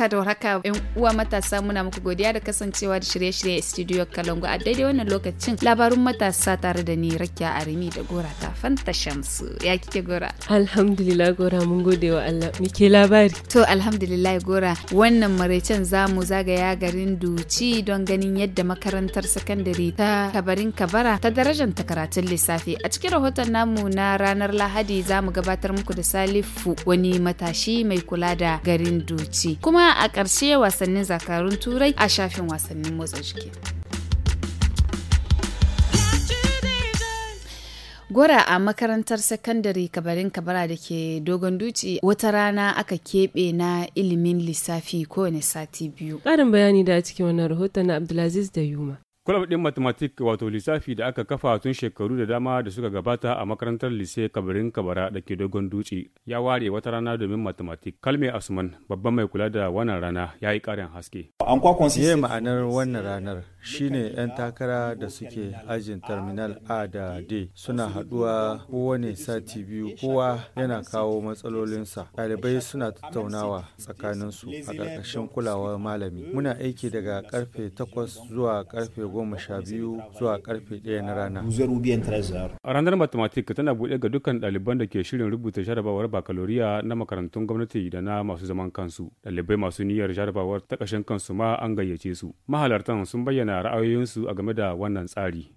barka da warhaka yan uwa matasa muna muku godiya da kasancewa da shirye-shirye studio Kalangu a daidai wannan lokacin labarun matasa tare da ni Rakiya Arimi da Gora ta Fanta Shamsu. Ya kike Gora? Alhamdulillah Gora mun gode wa Allah. Muke labari. To alhamdulillah Gora wannan maraicen zamu zagaya garin Duci don ganin yadda makarantar sakandare ta Kabarin Kabara ta ta karatun lissafi. A cikin rahoton namu na ranar Lahadi zamu gabatar muku da Salifu wani matashi mai kula da garin Duci. Kuma a ƙarshe wasannin zakarun turai a shafin wasannin motsa jiki. Gwara a makarantar sakandare kabarin kabara da ke dogon duci wata rana aka keɓe na ilimin lissafi kowane sati biyu. Ƙarin bayani da a cikin wannan rahoton na Abdulaziz da Yuma. Kulab ɗin matematik wato lissafi da aka kafa tun shekaru da dama da suka gabata a makarantar lise kabarin kabara da ke dogon dutse ya ware wata rana domin Mathematics. Kalme Asman babban mai kula da wannan rana ya yi ƙarin haske. Ye ma'anar wannan ranar shine 'yan takara da suke ajin terminal a da d suna haduwa e, kowane sati biyu kowa yana kawo matsalolinsa ɗalibai suna tattaunawa tsakaninsu a ƙarƙashin kulawar malami muna aiki daga karfe 8 zuwa karfe 12 zuwa karfe 1 na rana a ranar mathematics tana buɗe ga dukkan ɗaliban da ke shirin rubuta jarabawar bakaloriya na makarantun gwamnati da na masu zaman kansu ɗalibai masu niyyar jarabawar ta ƙashin kansu ma an gayyace su mahalartan sun bayyana bayyana ra'ayoyinsu a game da wannan tsari.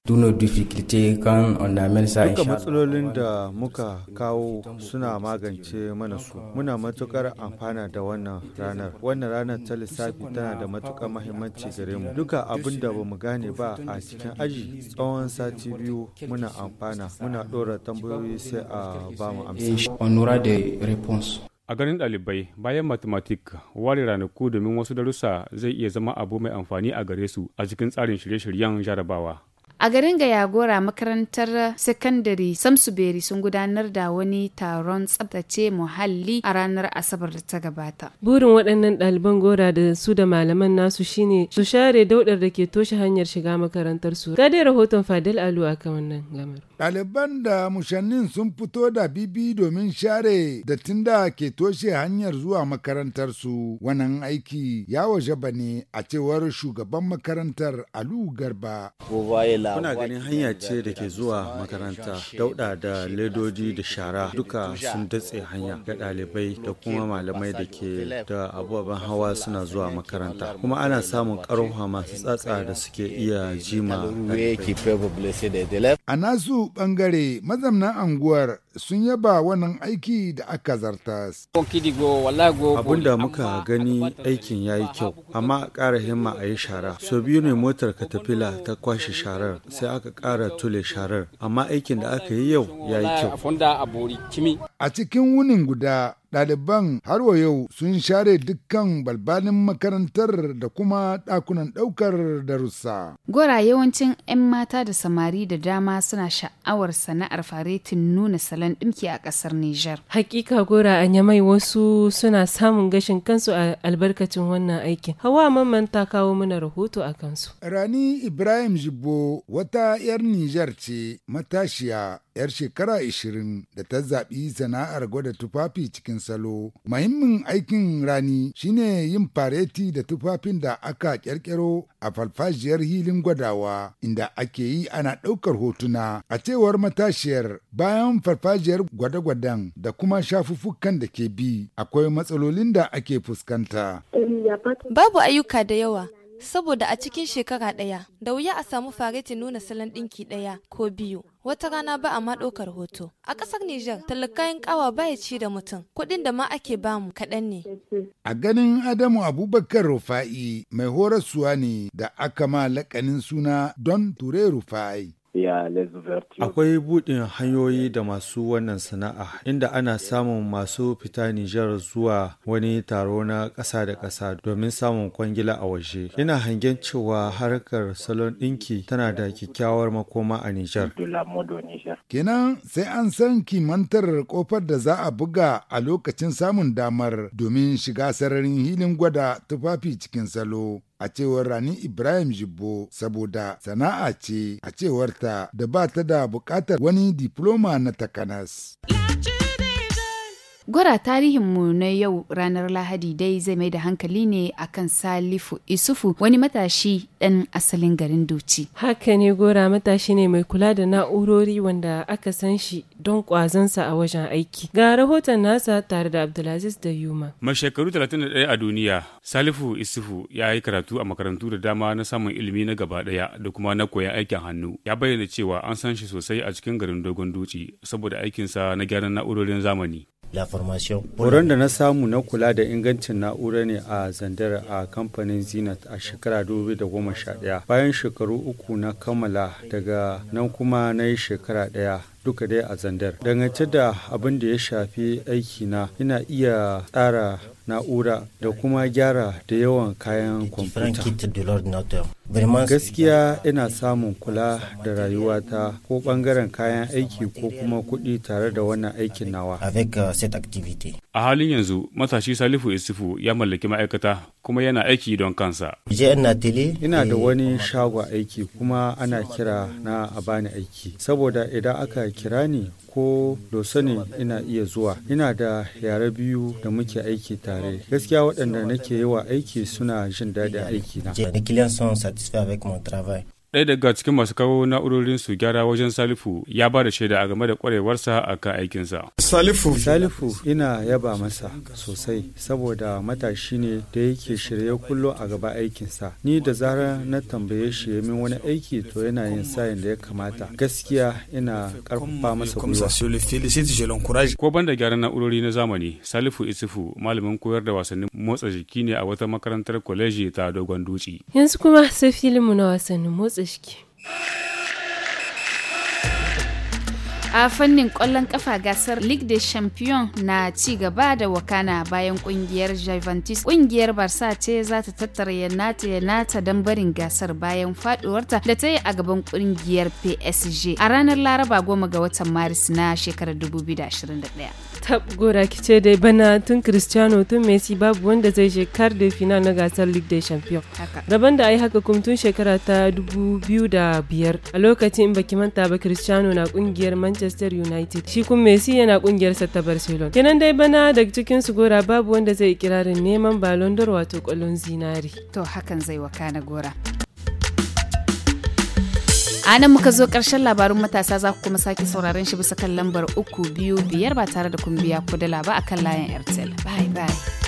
Duka matsalolin da muka kawo suna magance mana su. Muna matukar amfana da wannan ranar. Wannan ranar ta lissafi tana da matukar mahimmanci gare mu. Duka abin da bamu gane ba a cikin aji tsawon sati biyu muna amfana. Muna ɗora tambayoyi sai a bamu amsa. A ganin dalibai bayan matematik ware ranaku domin wasu darussa zai iya zama abu mai amfani a gare su a cikin tsarin shirye-shiryen jarabawa. A garin Gayagora makarantar sakandare Samsuberi sun gudanar da wani taron tsabtace muhalli a ranar Asabar da ta gabata. Burin waɗannan ɗaliban gora da su da malaman nasu shine su share daudar da ke toshe hanyar shiga makarantar su. Ga dai rahoton Fadil Alu akan wannan lamar. Ɗaliban da mushannin sun fito da bibi domin share da tunda ke toshe hanyar zuwa makarantar su. Wannan aiki ya waje ne a cewar shugaban makarantar Alu Garba. Ko Kuna ganin hanya ce da ke zuwa makaranta, Dauda da ledoji da shara duka sun datse hanya ga ɗalibai da kuma malamai da ke da abubuwan hawa suna zuwa makaranta. Kuma ana samun karuwa masu tsatsa da suke iya jima. A nasu ɓangare mazamnan anguwar sun yaba wannan aiki da aka zarta Abin da muka gani aikin ya yi kyau, amma a ƙara himma a yi shara. So biyu ne motar katafila ta kwashe sharar sharar sai aka ƙara tule sharar amma aikin da aka yi yau ya yi kyau a cikin wunin guda ɗaliban har wa yau sun share dukkan balbalin makarantar da kuma ɗakunan ɗaukar darussa. Gora yawancin 'yan mata da samari da dama suna sha'awar sana'ar faretin nuna salon ɗinki a ƙasar Nijar. Hakika gora a nyamai wasu suna samun gashin kansu a albarkacin wannan aikin. Hawa mamman ta kawo mana rahoto a kansu. Rani Ibrahim Jibbo wata 'yar Nijar ce matashiya 'yar shekara 20 da ta zaɓi sana'ar gwada tufafi cikin salo. Mahimmin aikin rani shine yin fareti da tufafin da aka kyarkyaro a falfajiyar hilin gwadawa inda ake yi ana ɗaukar hotuna a cewar matashiyar bayan farfajiyar gwada-gwadan da kuma shafuffukan da ke bi akwai matsalolin da ake fuskanta. Babu ayyuka da yawa. Saboda a cikin shekara ɗaya, da wuya a samu fareti nuna salon ɗinki ɗaya ko biyu. Wata rana ba a ma ɗaukar hoto. A ƙasar Nijar, talakayen ƙawa baya ci da mutum, kuɗin da ma ake bamu kaɗan ne. A ganin Adamu Abubakar Rufa'i mai horaswa ne da aka ma laƙanin suna don Ture Rufa'i. Akwai budin hanyoyi da masu wannan sana'a inda ana samun masu fita Nijar zuwa wani taro na ƙasa da ƙasa domin samun kwangila a waje. Ina hangen cewa harkar salon ɗinki tana da kyakkyawar makoma a Nijar. Kenan sai an san kimantar kofar da za a buga a lokacin samun damar domin shiga sararin hilin gwada tufafi cikin salo. a cewar Rani Ibrahim Jibbo saboda sana'a ce a cewarta da ba ta da bukatar wani diploma na takanas. Gwara mu na yau ranar Lahadi dai zai mai da hankali ne akan Salifu Isufu wani matashi ɗan asalin garin Doci. Haka ne gora matashi ne mai kula da na'urori wanda aka san shi don kwazansa a wajen aiki. Ga rahoton nasa tare da Abdulaziz da Yuma. Mai shekaru 31 a duniya, Salifu Isufu ya yi karatu a makarantu da dama na samun ilimi na gaba ɗaya da kuma na koyan aikin hannu. Ya bayyana cewa an san shi sosai a cikin garin Dogon Doci saboda aikinsa na gyaran na'urorin zamani. la formation. Horon da na samu na kula da ingancin na'ura ne a Zandar a kamfanin Zinat a shekara 2011. Bayan shekaru uku na kammala daga nan kuma na yi shekara ɗaya duka dai a zandar dangance da abin da ya shafi na. ina iya tsara na'ura da kuma gyara da yawan kayan kwamfuta gaskiya ina samun kula da rayuwata ko bangaren kayan aiki ko kuma kuɗi tare da wannan aikin nawa euh, a halin yanzu matashi salifu isufu ya mallaki ma'aikata kuma yana aiki don kansa. Ina da eh, wani shago aiki kuma ana kira na a bani aiki. Saboda idan aka kira ni ko ne ina iya zuwa. Ina da yare biyu da muke aiki tare. Gaskiya waɗanda nake yi wa aiki suna jin daɗin aiki na. ɗaya daga cikin masu kawo na'urorin su gyara wajen salifu ya ba da shaida a game da kwarewarsa a kan aikinsa salifu salifu ina yaba masa sosai saboda matashi ne da yake shirye kullum a gaba aikinsa ni da zarar na tambaye shi ya min wani aiki to yana yin sayin da ya kamata gaskiya ina karfafa masa gwiwa ko ban da gyaran na'urori na zamani salifu isufu malamin koyar da wasannin motsa jiki ne a wata makarantar kwaleji ta dogon dutse yanzu kuma sai filinmu na wasannin motsa a fannin ƙwallon kafa gasar league de Champions na ci gaba da wakana bayan ƙungiyar juventus ƙungiyar barsa ce za ta tattara yanata yanata don barin gasar bayan faduwarta da ta yi a gaban ƙungiyar psg a ranar laraba goma ga watan maris na shekarar 2021 gora kice dai bana tun cristiano tun messi babu wanda zai shekar da final na gasar league da champion rabon da ai haka kuma tun shekara ta 2005 a lokacin baki manta ba cristiano na kungiyar manchester united shi kuma messi yana kungiyar sa ta barcelona kenan dai bana daga cikin su gora babu wanda zai ikirarin neman ballon d'or wato kwallon zinari to hakan zai waka na gora a nan muka zo ƙarshen labarin matasa za ku kuma sake sauraron shi bisa kan lambar uku biyu biyar ba tare da kun biya ko dala ba akan layin airtel bye bye